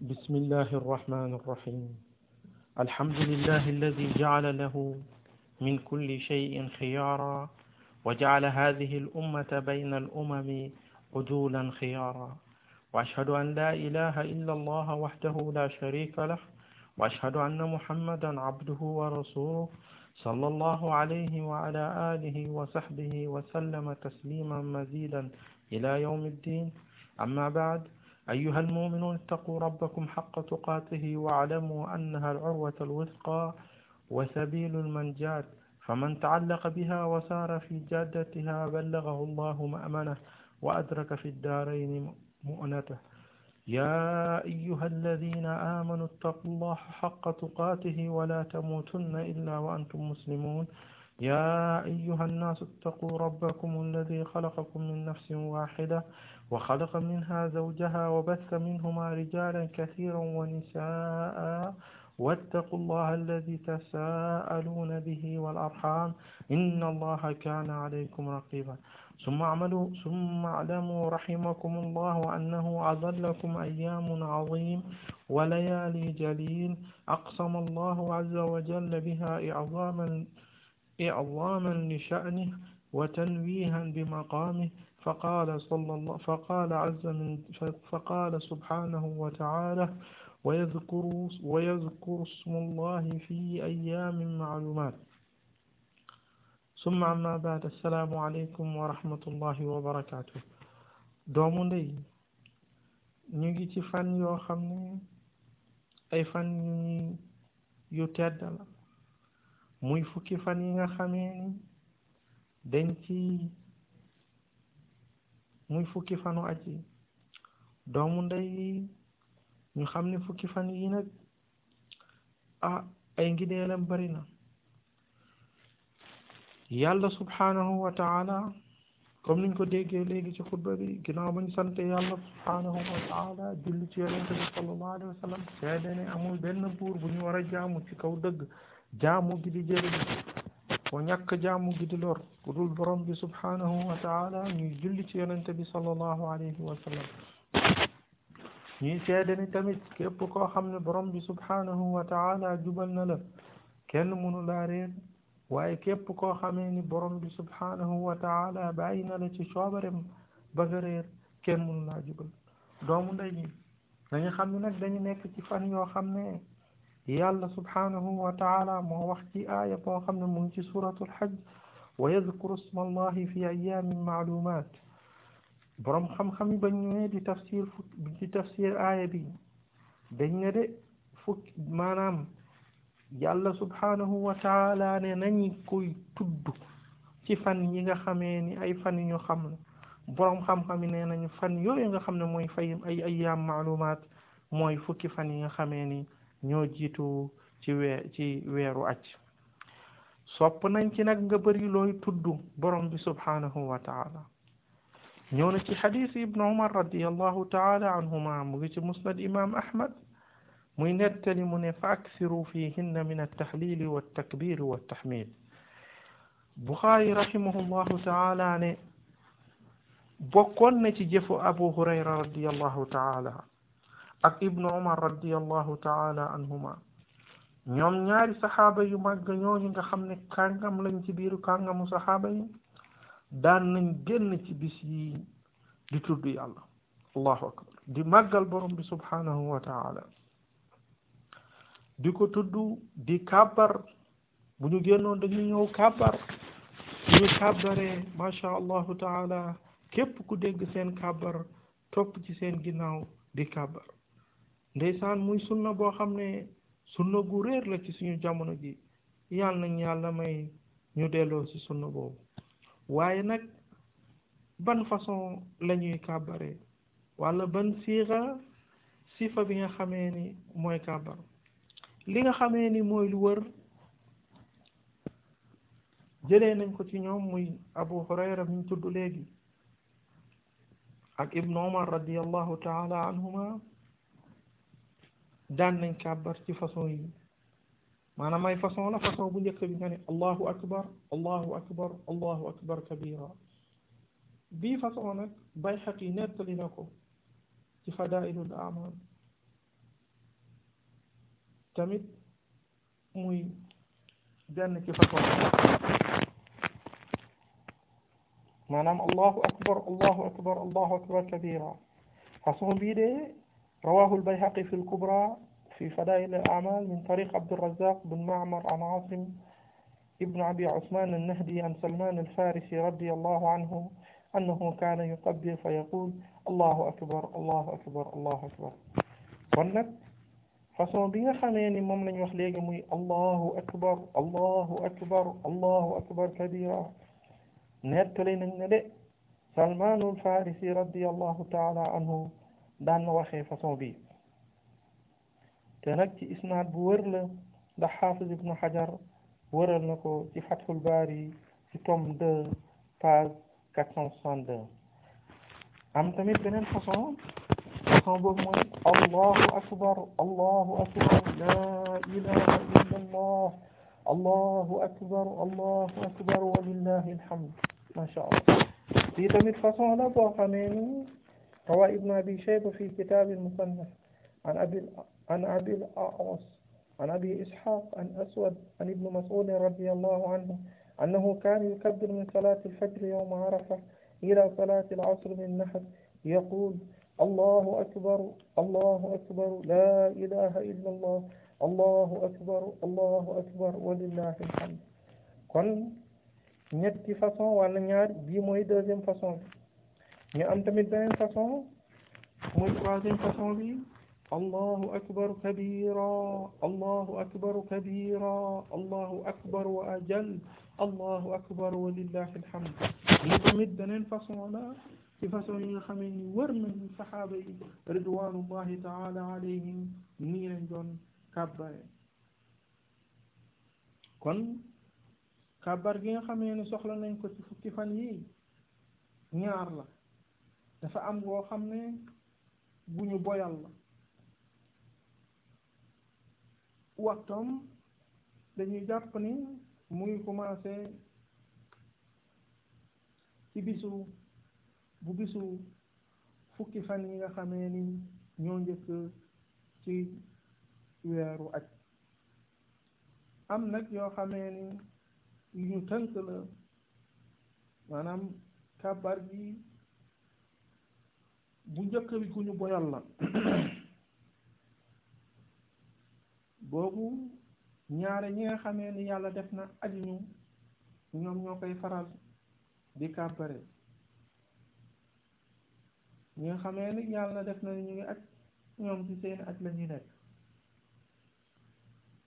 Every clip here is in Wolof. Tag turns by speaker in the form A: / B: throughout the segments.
A: بسم الله الرحمن الرحيم الحمد لله الذي جعل له من كل شيء خيارا وجعل هذه الأمة بين الأمم عدولا خيارا وأشهد أن لا إله إلا الله وحده لا شريك له وأشهد أن محمدا عبده ورسوله صلى الله عليه وعلى آله وصحبه وسلم تسليما مزيدا إلى يوم الدين أما بعد أيها المؤمنون اتقوا ربكم حق تقاته واعلموا أنها العروة الوثقى وسبيل المنجاة فمن تعلق بها وسار في جادتها بلغه الله مأمنه وأدرك في الدارين مؤنته يا أيها الذين آمنوا اتقوا الله حق تقاته ولا تموتن إلا وأنتم مسلمون يا أيها الناس اتقوا ربكم الذي خلقكم من نفس واحدة وخلق منها زوجها وبث منهما رجالا كثيرا ونساء واتقوا الله الذي تساءلون به والأرحام إن الله كان عليكم رقيبا ثم اعملوا ثم اعلموا رحمكم الله أنه أظلكم أيام عظيم وليالي جليل أقسم الله عز وجل بها إعظاما, إعظاما لشأنه وتنويها بمقامه فقال صلى الله فقال عز من فقال سبحانه وتعالى ويذكر ويذكر اسم الله في أيام معلومات ثم أما بعد السلام عليكم ورحمة الله وبركاته doomu ndey ñu ngi ci fan yoo xam ne ay fan yu ñuy yu tedd la muy fukki fan yi nga xamee ni dañ ci muy fukki fanu aji doomu ndey ñu xam ne fukki fan yi nag ah ay ngineelam bari na yàlla subhaanahu wa taala comme niñ ko déggee léegi ci xutba bi ginnaaw bañ sant yàlla subhaanahu wa taala julli ci yonente bi sallallahu wa sallam seede ne amul benn buur bu ñu war a jaamu ci kaw dëgg jaamu gi di jëriñ ko ñàkk jaamu gi di lor ku dul borom bi subhanahu wa taala ñuy julli ci yonente bi sallallahu alayhi wa sallam ñuy seede tamit képp koo xam ne borom bi subhanahu wa taala jubal na la kenn mënu laa réer waaye képp koo xamee ni borom bi subhanahu wa taala bàyyi na la ci coobarem ba nga réer kenn mënu laa jubal doomu ndey ñi dañu xam ne nag dañu nekk ci fan yoo xam ne yàlla subhaanahu wa taala moo wax ci aaya xam ne mu ngi ci suuratul xaj wa yadkuru smallahi fi ayaamin maalumaat boroom xam-xam yi bañ ne di tafsir di bi dañ ne de fukki maanaam yàlla subhaanahu wa taala tudd ci fan yi nga xamee ni ay fan ñu xam la boroom xam-xam ne nee nañ fan yi nga xam ne mooy fay ay ayaam maalumaat mooy fukki fan yi nga xamee ni ñoo jiitu ci ci weeru aj sopp nañ ci nag nga bëri looy tudd borom bi subhaanahu wa taala ñëw na ci xadis ibnu umar radiallahu taala anhuma mu ngi ci musnad imam ahmad muy nettali mu ne fa aksiru fihinna min altaxlili waltakbiri waltaxmid buxaari rahimahullahu taala ne bokkoon na ci jëfu abu hurayra radiallahu taala ak ibnu umar radiyallahu taala anhuma ñoom ñaari saxaaba yu màgg ñooñu nga xam ne kàngam lañ ci biiru kàngamu saxaaba yi daan nañ génn ci bis yi di tudd yàlla allahu akbar di màggal borom bi subhanahu wa di ko tudd di kàbbar bu ñu génnoon dañuy ñëw kàbbar ñu kàbbaree macha allahu taala képp ku dégg seen kàbbar topp ci seen ginnaaw di kàbbar ndeysaan muy sunna boo xam ne sunna gu réer la ci suñu jamono ji yàlla nañ yàlla may ñu delloo ci sunna boobu waaye nag ban façon lañuy ñuy wala ban siixa sifa bi nga xamee ni mooy kàbbar li nga xamee ni mooy lu wër jële nañ ko ci ñoom muy abu hurayra mi tudd léegi ak ibnu omar radiallahu taala anhuma daan nañ kàbbar ci façon yi maanaam ay façon la façon bu njëkk bi nga ne allahu akbar allahu akbar allahu akbar kabira bii façon nag Bayhaqi nettali na ko ci fadailul amal tamit muy benn ci façon maanaam allahu akbar allahu akbar allahu akbar kabira façon bii de رواه البيهقي في الكبرى في فضائل الأعمال من طريق عبد الرزاق بن معمر عن عاصم ابن أبي عثمان النهدي عن سلمان الفارسي رضي الله عنه أنه كان يقبل فيقول الله أكبر الله أكبر الله أكبر kon nag façon bi nga xamee ni moom lañ wax léegi muy allahu akbar allahu akbar allahu akbar kabira nettali nañ ne de salmaanul farisi radiallahu taala anhu daan na waxee façon bi te nag ci isnaad bu wër la ndax xaafis ibnu xajar wëral na ko ci fathul baari ci tome 2 page 462 am tamit beneen façon façon boobu mooy allahu akbar allahu akbar laa ilaha illa allah allahu akbar allahu akbar walillahi alhamd ma sha allah lii tamit façon la boo xamee ni روى ابن أبي شيبة في كتاب المصنف عن أبي عن أبي الأعرص عن أبي إسحاق عن أسود عن ابن مسعود رضي الله عنه أنه كان يكبر من صلاة الفجر يوم عرفة إلى صلاة العصر من نحر يقول الله أكبر الله أكبر لا إله إلا الله الله أكبر الله أكبر ولله الحمد kon ñetti façon wala ñaar bii mooy deuxième façon bi ñu am tamit beneen façon mooy troisième façon bi allahu akbar kabira allahu akbar kabira allahu akbar wa ajal allahu akbar wa lillahi alhamd ñu tamit beneen façon la ci façon yi nga xamee ni wër nañu saxaaba yi ridwanullahi taala alayhim nii lañ doon kàbbare kon kàbbar gi nga xamee ni soxla nañ ko ci fukki fan yi ñaar la dafa am boo xam ne bu ñu boyal la waxtoom dañuy jàpp ni mu ngi commencé ci bisu bu bisu fukki fan yi nga xamee ni ñoo njëkk ci weeru ak am nag yoo xame ni lu ñu tënk la maanaam kabar gi bu njëkk bi ku ñu boyal la boobu ñaare ñi nga xamee ni yàlla def na aju ñoom ñoo koy faral di kàbbare ñi xamee ni yàlla def na ñu ngi aj ñoom ci seen aj la ñuy nekk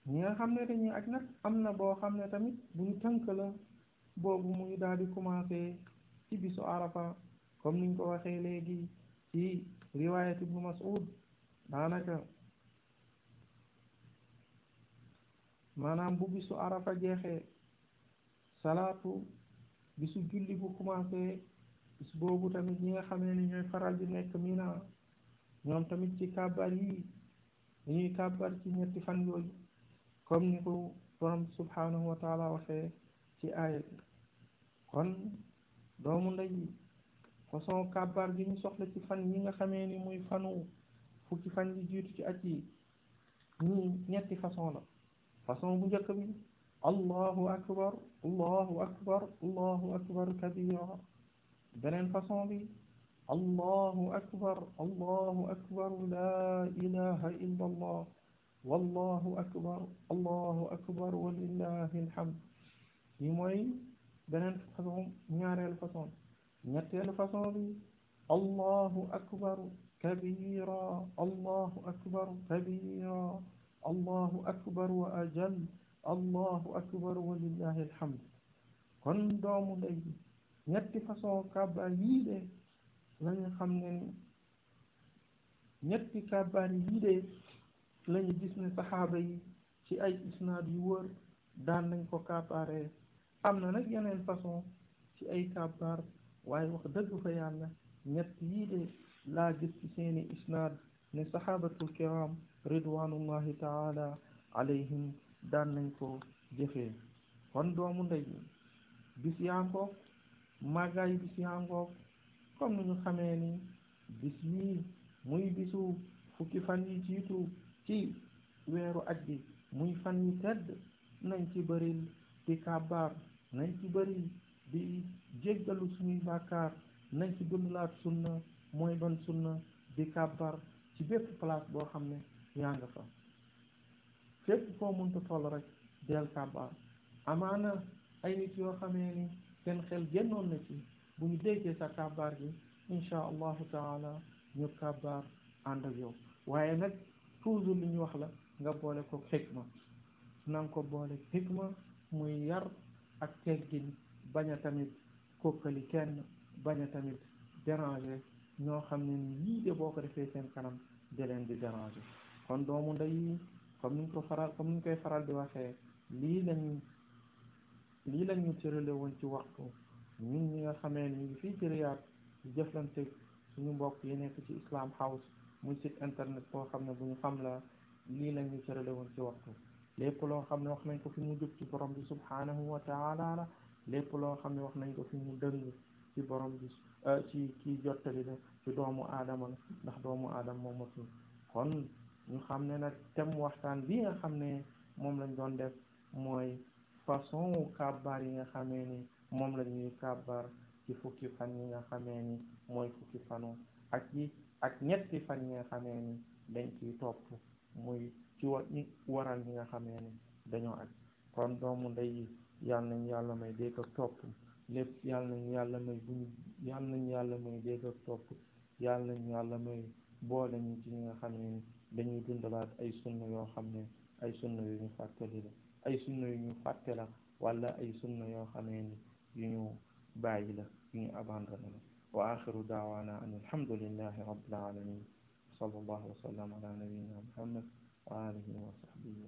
A: ñi nga xam ne dañuy aj nag am na boo xam ne tamit bu ñu tënk la boobu muy daal di commencé ci bisu arafa comme niñ ko waxee léegi في رواية ابن مسعود daanaka maanaam bu bisu arafa jeexee salaatu bisu julli bu commencé bis tamit ñi nga xamee ni ñooy faral di nekk Mina ñoom tamit ci kàbbar yi dañuy kàbbar ci ñetti fan yooyu comme ni ko borom subhanahu wa taala ci aaya bi kon doomu ndey façon kàbbaar gi ñu soxla ci fan yi nga xamee ni muy fanu fukki fan yi jiitu ci at yi ñii ñetti façon la façon bu njëkk bi allahu akbar allahu akbar allahu akbar kabira beneen façon bi allahu akbar allahu akbar la ilaha illa allah wallahu akbar allahu akbar walillahi alhamd yi mooy beneen façon ñaareel façon ñetteelu façon bi allahu akbar kabira allahu akbar kabira allahu akbar wa ajal allahu akbar wa lillahi alhamd kon doomu ndey ñetti façon kàbbaar yii de lañu xam ne ñetti kàbbaar yii de lañu gis ne saxaaba yi ci ay isnaad yu wër daan nañ ko kàbbaaree am na nag yeneen façon ci ay kàbbaar waaye wax dëgg fa yàlla ñett yii de laa gis ci seeni isnaad ne saxaabatul kiram ridwanullahi taala alayhim daan nañ ko jëfee kon doomu ndey bis yaa ngoog màggaayu bis yaa ngoog comme ni ñu xamee ni muy bisu fukki fan yi jiitu ci weeru aj muy fan yi tedd nañ ci bëril di kàbbaar nañ ci bëril di jéggalu suñuy bàkkaar nañ ci dundalaat sunna mooy ban sunna di kàbbar ci bépp place boo xam ne yaa nga fa fépp foo mënta toll rek del kàbbar amaana ay nit yoo xamee ni seen xel génnoon na ci bu déggee sa kàbbar gi insha allahu taala ñu kàbbar ànd yow waaye nag toujours li ñu wax la nga boole ko xikma na ko boole xikma muy yar ak teggin bañ tamit kookali kenn bañ a tamit déranger ñoo xam ne ni lii de boo ko defee seen kanam de leen di déranger kon doomu ndey yi comme niñ ko faral comme niñ koy faral di waxee lii lañ lii lañ ñu cërale woon ci waxtu ñun ñi nga xamee ni fii ci Riyad di jëflante suñu mbokk yi nekk ci Islam House mu site internet boo xam ne bu xam la lii lañ ñu cërale woon ci waxtu lépp loo xam ne wax nañ ko fi mu jub ci borom bi subhanahu wa taala lépp loo xam ne wax nañ ko fi mu dëng ci borom bi euh, ci kii jottali la ci doomu aadama ndax doomu aadama moom matul kon ñu xam ne nag tem waxtaan bi nga xam ne moom lañ doon def mooy façon kàbbaar yi nga xamee ni moom la ñuy kàbbaar ci fukki fan yi nga xamee ni mooy fukki fanu ak ak ñetti fan yi nga xamee ni dañ ciy topp muy ci ñi waral ñi nga xamee ni dañoo ak kon doomu ndey yàlla nañ yàlla may dégg ak topp lépp yàlla nañ yàlla may buñ yàlla nañ yàlla may dégg ak topp nañ yàlla may boole ñu ci ñi nga xam ne dañuy dundalaat ay sunna yoo xam ne ay sunna yu ñu fàttali la ay sunna yu ñu la wala ay sunna yoo xamee ni yu ñu bàyyi la yu ñu abandonné la wa axiru daawaana an alhamdulillahi rabbil alamin sallallahu wa sallam ala muhammad wa alihi wa sahbihi